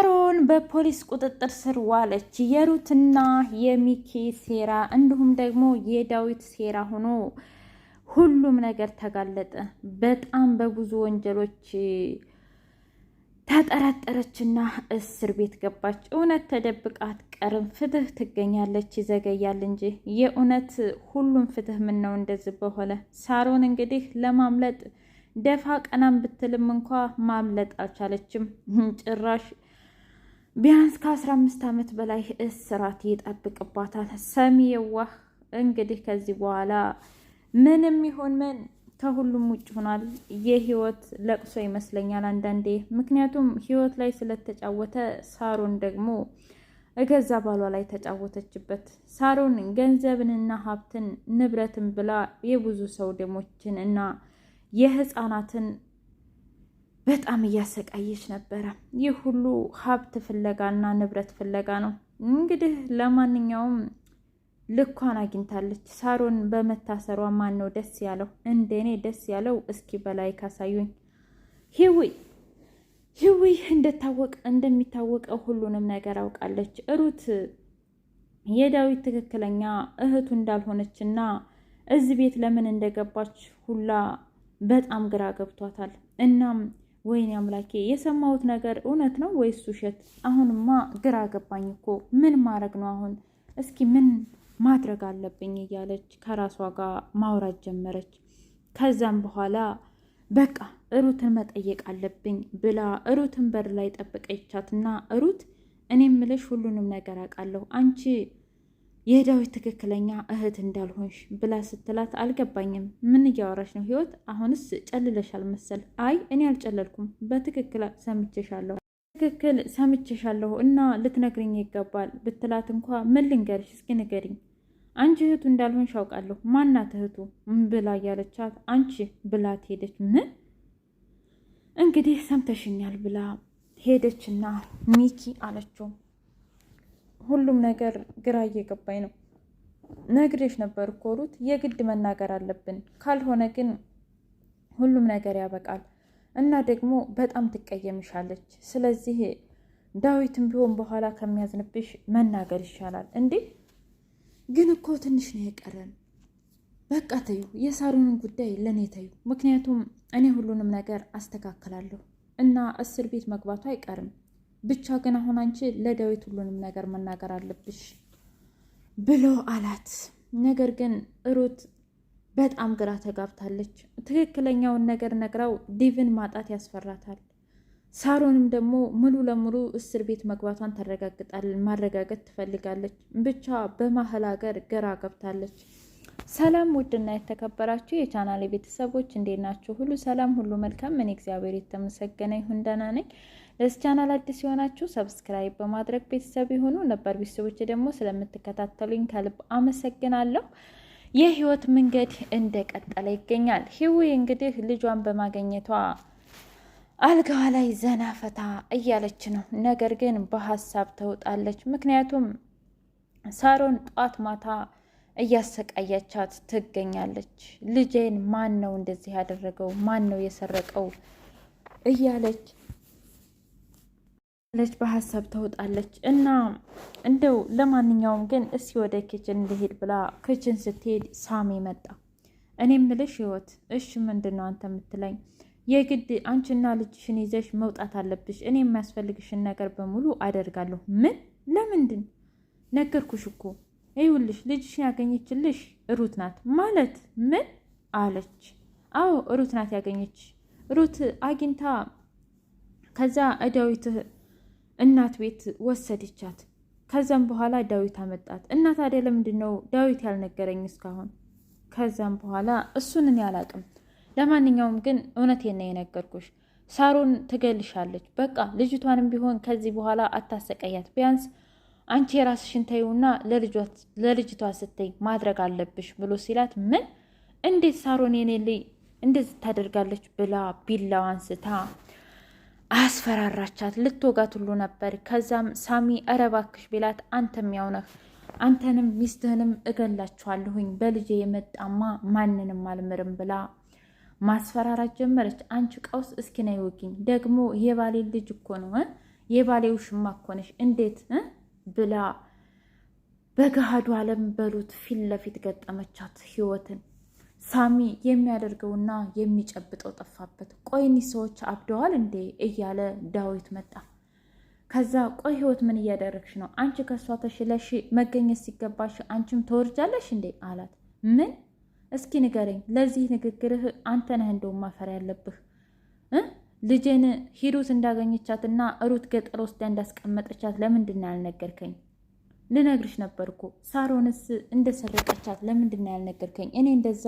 አሮን በፖሊስ ቁጥጥር ስር ዋለች። የሩትና የሚኪ ሴራ እንዲሁም ደግሞ የዳዊት ሴራ ሆኖ ሁሉም ነገር ተጋለጠ። በጣም በብዙ ወንጀሎች ተጠረጠረችና እስር ቤት ገባች። እውነት ተደብቃ አትቀርም። ፍትህ ትገኛለች፣ ይዘገያል እንጂ የእውነት ሁሉም ፍትህ ምን ነው እንደዚህ በሆነ። ሳሮን እንግዲህ ለማምለጥ ደፋ ቀናም ብትልም እንኳ ማምለጥ አልቻለችም ጭራሽ ቢያንስ ከአስራ አምስት ዓመት በላይ እስራት ይጠብቅባታል። የዋህ እንግዲህ ከዚህ በኋላ ምንም ይሁን ምን ከሁሉም ውጭ ሆኗል። የህይወት ለቅሶ ይመስለኛል አንዳንዴ። ምክንያቱም ህይወት ላይ ስለተጫወተ ሳሮን ደግሞ እገዛ ባሏ ላይ ተጫወተችበት። ሳሮን ገንዘብንና ሀብትን ንብረትን ብላ የብዙ ሰው ደሞችን እና የህፃናትን በጣም እያሰቃየች ነበረ። ይህ ሁሉ ሀብት ፍለጋና ንብረት ፍለጋ ነው። እንግዲህ ለማንኛውም ልኳን አግኝታለች። ሳሮን በመታሰሯ ማን ነው ደስ ያለው? እንደኔ ደስ ያለው እስኪ በላይ ካሳዩኝ። ሂዊ ሂዊ እንደታወቀ እንደሚታወቀው ሁሉንም ነገር አውቃለች። ሩት የዳዊት ትክክለኛ እህቱ እንዳልሆነች እና እዚህ ቤት ለምን እንደገባች ሁላ በጣም ግራ ገብቷታል። እናም ወይኔ አምላኬ የሰማሁት ነገር እውነት ነው ወይስ ውሸት? አሁንማ ግራ ገባኝ እኮ ምን ማድረግ ነው አሁን? እስኪ ምን ማድረግ አለብኝ እያለች ከራሷ ጋር ማውራት ጀመረች። ከዛም በኋላ በቃ እሩትን መጠየቅ አለብኝ ብላ እሩትን በር ላይ ጠበቀቻትና ሩት እኔ ምልሽ ሁሉንም ነገር አውቃለሁ አንቺ የዳዊት ትክክለኛ እህት እንዳልሆንሽ ብላ ስትላት አልገባኝም። ምን እያወራሽ ነው ህይወት? አሁንስ ጨልለሻል መሰል። አይ እኔ አልጨለልኩም፣ በትክክል ሰምቼሻለሁ፣ ትክክል ሰምቼሻለሁ እና ልትነግርኝ ይገባል ብትላት እንኳ ምን ልንገርሽ? እስኪ ንገሪኝ። አንቺ እህቱ እንዳልሆንሽ አውቃለሁ። ማናት እህቱ ብላ እያለቻት አንቺ ብላት ሄደች። ምን እንግዲህ ሰምተሽኛል ብላ ሄደችና ሚኪ አለችው ሁሉም ነገር ግራ እየገባኝ ነው። ነግሬሽ ነበር እኮ ሩት፣ የግድ መናገር አለብን ካልሆነ ግን ሁሉም ነገር ያበቃል እና ደግሞ በጣም ትቀየምሻለች። ስለዚህ ዳዊትም ቢሆን በኋላ ከሚያዝንብሽ መናገር ይሻላል። እንዴ ግን እኮ ትንሽ ነው የቀረን። በቃ ተዩ፣ የሳሩንን ጉዳይ ለእኔ ተዩ። ምክንያቱም እኔ ሁሉንም ነገር አስተካክላለሁ እና እስር ቤት መግባቱ አይቀርም። ብቻ ግን አሁን አንቺ ለዳዊት ሁሉንም ነገር መናገር አለብሽ ብሎ አላት። ነገር ግን ሩት በጣም ግራ ተጋብታለች። ትክክለኛውን ነገር ነግራው ዲቭን ማጣት ያስፈራታል። ሳሮንም ደግሞ ሙሉ ለሙሉ እስር ቤት መግባቷን ተረጋግጣል ማረጋገጥ ትፈልጋለች። ብቻ በማህል ሀገር ግራ ገብታለች። ሰላም ውድና የተከበራችሁ የቻናል ቤተሰቦች እንዴት ናችሁ? ሁሉ ሰላም፣ ሁሉ መልካም። እኔ እግዚአብሔር የተመሰገነ ይሁን ደህና ነኝ። ለዚህ ቻናል አዲስ የሆናችሁ ሰብስክራይብ በማድረግ ቤተሰብ የሆኑ ነበር ቤተሰቦች ደግሞ ስለምትከታተሉኝ ከልብ አመሰግናለሁ። የህይወት መንገድ እንደቀጠለ ይገኛል። ህዊ እንግዲህ ልጇን በማገኘቷ አልጋዋ ላይ ዘና ፈታ እያለች ነው። ነገር ግን በሀሳብ ተውጣለች። ምክንያቱም ሳሮን ጧት ማታ እያሰቃያቻት ትገኛለች። ልጄን ማን ነው እንደዚህ ያደረገው? ማን ነው የሰረቀው? እያለች ለች በሀሳብ ተውጣለች እና እንደው ለማንኛውም ግን እስኪ ወደ ኪችን እንድሄድ ብላ ክችን ስትሄድ ሳሚ መጣ። እኔ ምልሽ ህይወት፣ እሽ ምንድን ነው አንተ የምትለኝ? የግድ አንቺና ልጅሽን ይዘሽ መውጣት አለብሽ። እኔ የሚያስፈልግሽን ነገር በሙሉ አደርጋለሁ። ምን? ለምንድን? ነገርኩሽ እኮ ይውልሽ፣ ልጅሽን ያገኘችልሽ ሩት ናት ማለት። ምን አለች? አዎ ሩት ናት ያገኘች። ሩት አግኝታ ከዛ እዳዊት እናት ቤት ወሰደቻት። ከዛም በኋላ ዳዊት አመጣት እና ታዲያ ለምንድን ነው ዳዊት ያልነገረኝ እስካሁን? ከዛም በኋላ እሱን እኔ አላቅም። ለማንኛውም ግን እውነቴን ነው የነገርኩሽ። ሳሮን ትገልሻለች። በቃ ልጅቷንም ቢሆን ከዚህ በኋላ አታሰቃያት። ቢያንስ አንቺ የራስሽን ተይውና ለልጅቷ ስትይ ማድረግ አለብሽ ብሎ ሲላት፣ ምን እንዴት ሳሮን የኔ ልይ እንደዚህ ታደርጋለች ብላ ቢላዋ አንስታ አስፈራራቻት። ልትወጋት ሁሉ ነበር። ከዛም ሳሚ እረ እባክሽ ቢላት አንተም ያው አንተንም ሚስትህንም እገላችኋለሁኝ በልጄ የመጣማ ማንንም አልምርም ብላ ማስፈራራት ጀመረች። አንቺ ቀውስ እስኪ ነይ ውጊኝ፣ ደግሞ የባሌ ልጅ እኮ ነው የባሌ ውሽማ እኮ ነሽ እንዴት ብላ በገሃዱ አለም በሉት ፊት ለፊት ገጠመቻት ህይወትን ሳሚ የሚያደርገውና የሚጨብጠው ጠፋበት። ቆይ እኒህ ሰዎች አብደዋል እንዴ እያለ ዳዊት መጣ። ከዛ ቆይ ህይወት ምን እያደረግሽ ነው? አንቺ ከእሷ ተሽለሽ መገኘት ሲገባሽ አንቺም ተወርጃለሽ እንዴ አላት። ምን እስኪ ንገረኝ፣ ለዚህ ንግግርህ አንተ ነህ እንደው ማፈር ያለብህ። ልጄን ሂሩት እንዳገኘቻትና ሩት ገጠር ወስዳ እንዳስቀመጠቻት ለምንድን ያልነገርከኝ? ልነግርሽ ነበር እኮ ሳሮንስ እንደሰረቀቻት ለምንድን ነው ያልነገርከኝ? እኔ እንደዛ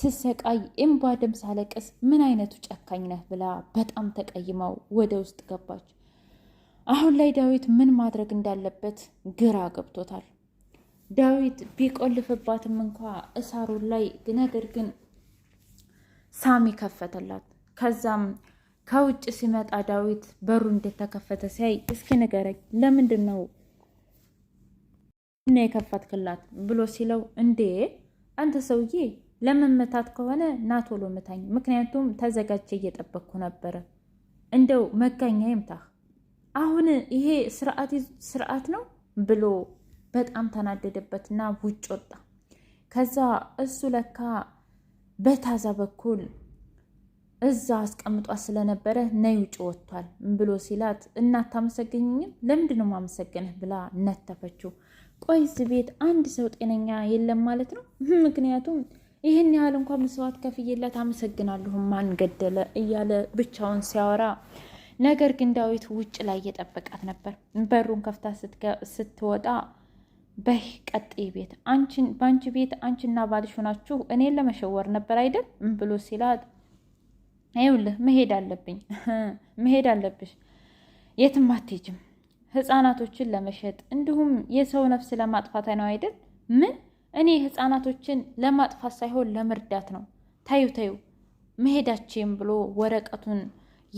ስሰቃይ እምባ ደም ሳለቅስ ምን አይነቱ ጨካኝ ነህ ብላ በጣም ተቀይማው ወደ ውስጥ ገባች። አሁን ላይ ዳዊት ምን ማድረግ እንዳለበት ግራ ገብቶታል። ዳዊት ቢቆልፍባትም እንኳ እሳሩን ላይ ነገር ግን ሳሚ ከፈተላት። ከዛም ከውጭ ሲመጣ ዳዊት በሩ እንደተከፈተ ሲያይ እስኪ ንገረኝ ለምንድን ነው እና የከፈትክላት ብሎ ሲለው እንዴ አንተ ሰውዬ ለመመታት ከሆነ ናቶሎ መታኝ ምታኝ፣ ምክንያቱም ተዘጋጀ እየጠበቅኩ ነበረ። እንደው መጋኛ ይምታህ አሁን ይሄ ስርዓት ነው ብሎ በጣም ተናደደበትና ውጭ ወጣ። ከዛ እሱ ለካ በታዛ በኩል እዛ አስቀምጧት ስለነበረ ነይ ውጭ ወጥቷል ብሎ ሲላት እናት አመሰገኝኝም ለምንድነው ማመሰገንህ ብላ ነተፈችው። ቆይ እዚህ ቤት አንድ ሰው ጤነኛ የለም ማለት ነው? ምክንያቱም ይህን ያህል እንኳን መስዋዕት ከፍዬላት አመሰግናለሁ ማን ገደለ እያለ ብቻውን ሲያወራ፣ ነገር ግን ዳዊት ውጭ ላይ እየጠበቃት ነበር። በሩን ከፍታ ስትወጣ በህ ቀጤ ቤት አንቺን በአንቺ ቤት አንቺና ባልሽ ሆናችሁ እኔን ለመሸወር ነበር አይደል ብሎ ሲላት፣ ይኸውልህ መሄድ አለብኝ መሄድ አለብሽ የትም አትሄጂም ህፃናቶችን ለመሸጥ እንዲሁም የሰው ነፍስ ለማጥፋት ነው አይደል? ምን እኔ ህፃናቶችን ለማጥፋት ሳይሆን ለመርዳት ነው። ታዩ ታዩ መሄዳችም ብሎ ወረቀቱን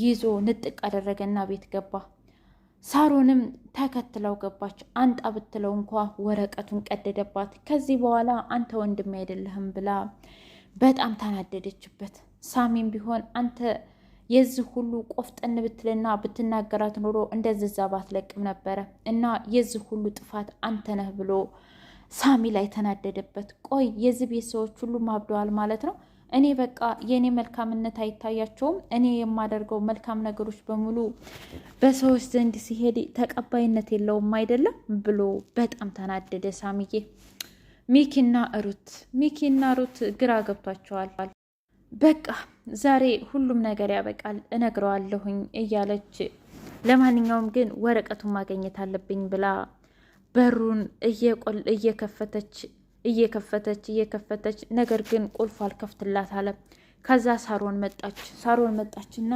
ይዞ ንጥቅ አደረገና ቤት ገባ። ሳሮንም ተከትለው ገባች። አንጣ ብትለው እንኳ ወረቀቱን ቀደደባት። ከዚህ በኋላ አንተ ወንድም አይደለህም ብላ በጣም ታናደደችበት። ሳሚም ቢሆን አንተ የዚህ ሁሉ ቆፍጠን ብትልና ብትናገራት ኖሮ እንደዝዛ ባትለቅም ነበረ እና የዚህ ሁሉ ጥፋት አንተ ነህ ብሎ ሳሚ ላይ ተናደደበት። ቆይ የዚህ ቤት ሰዎች ሁሉም ማብደዋል ማለት ነው? እኔ በቃ የእኔ መልካምነት አይታያቸውም። እኔ የማደርገው መልካም ነገሮች በሙሉ በሰዎች ዘንድ ሲሄድ ተቀባይነት የለውም አይደለም ብሎ በጣም ተናደደ ሳሚዬ። ሚኪና ሩት ሚኪና ሩት ግራ ገብቷቸዋል። በቃ ዛሬ ሁሉም ነገር ያበቃል እነግረዋለሁኝ እያለች ለማንኛውም ግን ወረቀቱን ማግኘት አለብኝ ብላ በሩን እየከፈተች እየከፈተች እየከፈተች ነገር ግን ቁልፍ አልከፍትላት አለ። ከዛ ሳሮን መጣች። ሳሮን መጣችና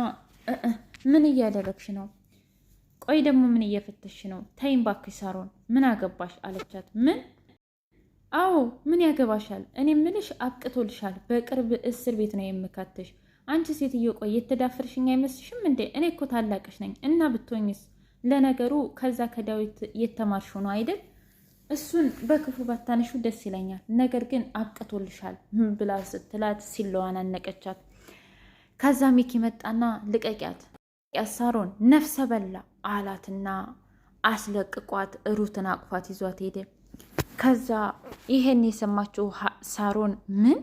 ምን እያደረግሽ ነው? ቆይ ደግሞ ምን እየፈተሽ ነው? ተይም ባክሽ ሳሮን ምን አገባሽ አለቻት። ምን አዎ ምን ያገባሻል? እኔ ምልሽ አብቅቶልሻል። በቅርብ እስር ቤት ነው የምካትሽ። አንቺ ሴትዮ ቆይ የተዳፈርሽኝ አይመስልሽም እንዴ? እኔ እኮ ታላቅሽ ነኝ። እና ብትሆኝስ? ለነገሩ ከዛ ከዳዊት የተማርሽው ነው አይደል? እሱን በክፉ ባታነሹ ደስ ይለኛል። ነገር ግን አብቅቶልሻል ብላ ስትላት ሲለዋን አነቀቻት። ከዛ ሚኪ መጣና ልቀቂያት፣ ያሳሮን ነፍሰ በላ አላትና አስለቅቋት ሩትን አቅፏት ይዟት ሄደ። ከዛ ይሄን የሰማችሁ ሳሮን ምን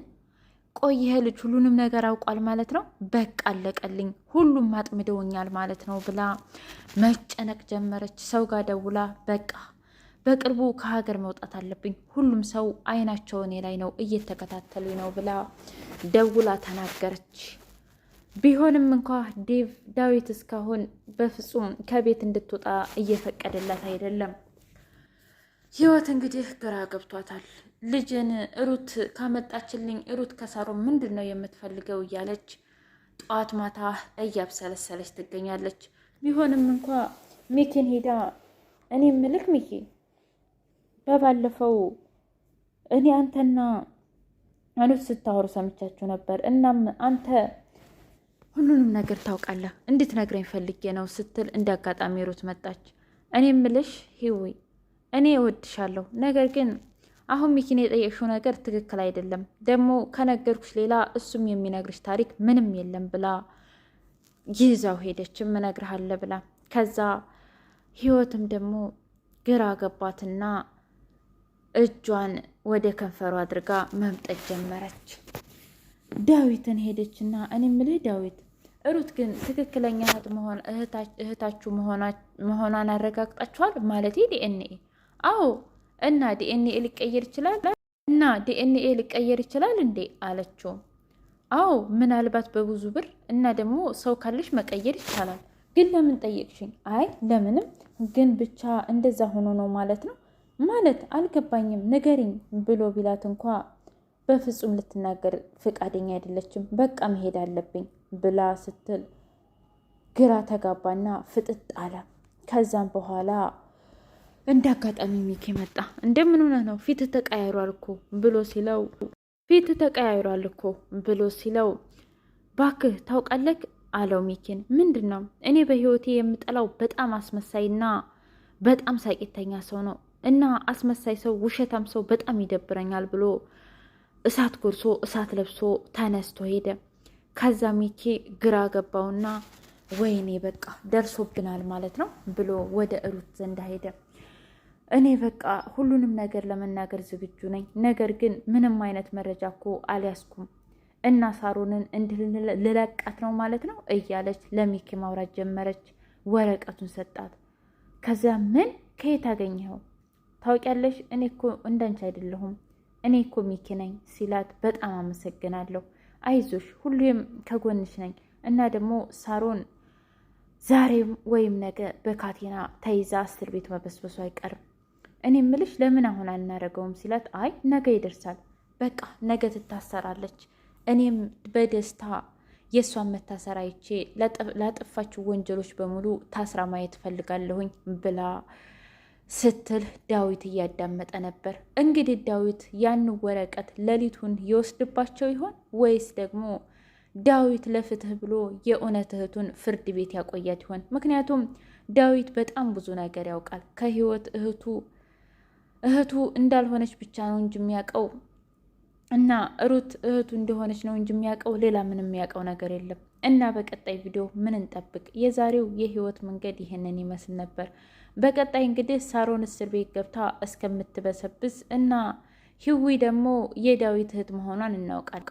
ቆይ ይሄ ልጅ ሁሉንም ነገር አውቋል ማለት ነው፣ በቃ አለቀልኝ፣ ሁሉም አጥምደውኛል ማለት ነው ብላ መጨነቅ ጀመረች። ሰው ጋር ደውላ በቃ በቅርቡ ከሀገር መውጣት አለብኝ፣ ሁሉም ሰው አይናቸው እኔ ላይ ነው እየተከታተሉ ነው ብላ ደውላ ተናገረች። ቢሆንም እንኳ ዴቭ ዳዊት እስካሁን በፍጹም ከቤት እንድትወጣ እየፈቀደላት አይደለም። ህይወት እንግዲህ ግራ ገብቷታል። ልጅን ሩት ካመጣችልኝ ሩት ከሳሮ ምንድን ነው የምትፈልገው እያለች ጠዋት ማታ እያብሰለሰለች ትገኛለች። ቢሆንም እንኳ ሚኪን ሄዳ እኔ ምልክ ሚኪ በባለፈው እኔ አንተና ሩት ስታወሩ ሰምቻችሁ ነበር። እናም አንተ ሁሉንም ነገር ታውቃለህ እንድትነግረኝ ፈልጌ ነው ስትል እንደ አጋጣሚ ሩት መጣች። እኔ ምልሽ ሂዊ እኔ እወድሻለሁ፣ ነገር ግን አሁን ሚኪን የጠየቅሽው ነገር ትክክል አይደለም፣ ደግሞ ከነገርኩሽ ሌላ እሱም የሚነግርሽ ታሪክ ምንም የለም ብላ ይዛው ሄደችም እነግርሃለ ብላ። ከዛ ህይወትም ደግሞ ግራ ገባትና እጇን ወደ ከንፈሩ አድርጋ መምጠት ጀመረች። ዳዊትን ሄደችና እኔ የምልህ ዳዊት ሩት ግን ትክክለኛ እህት መሆን እህታችሁ መሆኗን አረጋግጣችኋል? ማለት ዲኤንኤ አዎ እና ዲኤንኤ ሊቀየር ይችላል እና ዲኤንኤ ሊቀየር ይችላል እንዴ አለችው አዎ ምናልባት በብዙ ብር እና ደግሞ ሰው ካለሽ መቀየር ይቻላል። ግን ለምን ጠየቅሽኝ? አይ ለምንም፣ ግን ብቻ እንደዛ ሆኖ ነው ማለት ነው ማለት አልገባኝም፣ ንገሪኝ ብሎ ቢላት እንኳ በፍጹም ልትናገር ፈቃደኛ አይደለችም። በቃ መሄድ አለብኝ ብላ ስትል ግራ ተጋባና ፍጥጥ አለ። ከዛም በኋላ እንደ አጋጣሚ ሚኬ መጣ። እንደምን ነው ፊት ተቀያይሯል እኮ ብሎ ሲለው ፊት ተቀያይሯል እኮ ብሎ ሲለው ባክህ ታውቃለህ አለው ሚኪን። ምንድን ነው እኔ በህይወቴ የምጠላው በጣም አስመሳይና በጣም ሳቂተኛ ሰው ነው እና አስመሳይ ሰው፣ ውሸታም ሰው በጣም ይደብረኛል ብሎ እሳት ጎርሶ እሳት ለብሶ ተነስቶ ሄደ። ከዛ ሚኪ ግራ ገባውና ወይኔ በቃ ደርሶብናል ማለት ነው ብሎ ወደ እሩት ዘንድ ሄደ። እኔ በቃ ሁሉንም ነገር ለመናገር ዝግጁ ነኝ። ነገር ግን ምንም አይነት መረጃ እኮ አልያዝኩም እና ሳሮንን እንድህ ልለቃት ነው ማለት ነው እያለች ለሚኪ ማውራት ጀመረች። ወረቀቱን ሰጣት። ከዚያ ምን ከየት አገኘኸው? ታውቂያለሽ እኔ እኮ እንዳንቺ አይደለሁም እኔ እኮ ሚኪ ነኝ ሲላት፣ በጣም አመሰግናለሁ፣ አይዞሽ፣ ሁሌም ከጎንሽ ነኝ እና ደግሞ ሳሮን ዛሬም ወይም ነገ በካቴና ተይዛ እስር ቤት መበስበሱ አይቀርም እኔ ምልሽ ለምን አሁን አናደርገውም ሲላት፣ አይ ነገ ይደርሳል፣ በቃ ነገ ትታሰራለች። እኔም በደስታ የእሷን መታሰር አይቼ ላጠፋችው ወንጀሎች በሙሉ ታስራ ማየት ፈልጋለሁኝ ብላ ስትል ዳዊት እያዳመጠ ነበር። እንግዲህ ዳዊት ያን ወረቀት ሌሊቱን ይወስድባቸው ይሆን ወይስ ደግሞ ዳዊት ለፍትህ ብሎ የእውነት እህቱን ፍርድ ቤት ያቆያት ይሆን? ምክንያቱም ዳዊት በጣም ብዙ ነገር ያውቃል ከህይወት እህቱ እህቱ እንዳልሆነች ብቻ ነው እንጂ የሚያውቀው እና ሩት እህቱ እንደሆነች ነው እንጂ የሚያውቀው ሌላ ምንም የሚያውቀው ነገር የለም። እና በቀጣይ ቪዲዮ ምን እንጠብቅ? የዛሬው የህይወት መንገድ ይህንን ይመስል ነበር። በቀጣይ እንግዲህ ሳሮን እስር ቤት ገብታ እስከምትበሰብስ እና ህዊ ደግሞ የዳዊት እህት መሆኗን እናውቃል።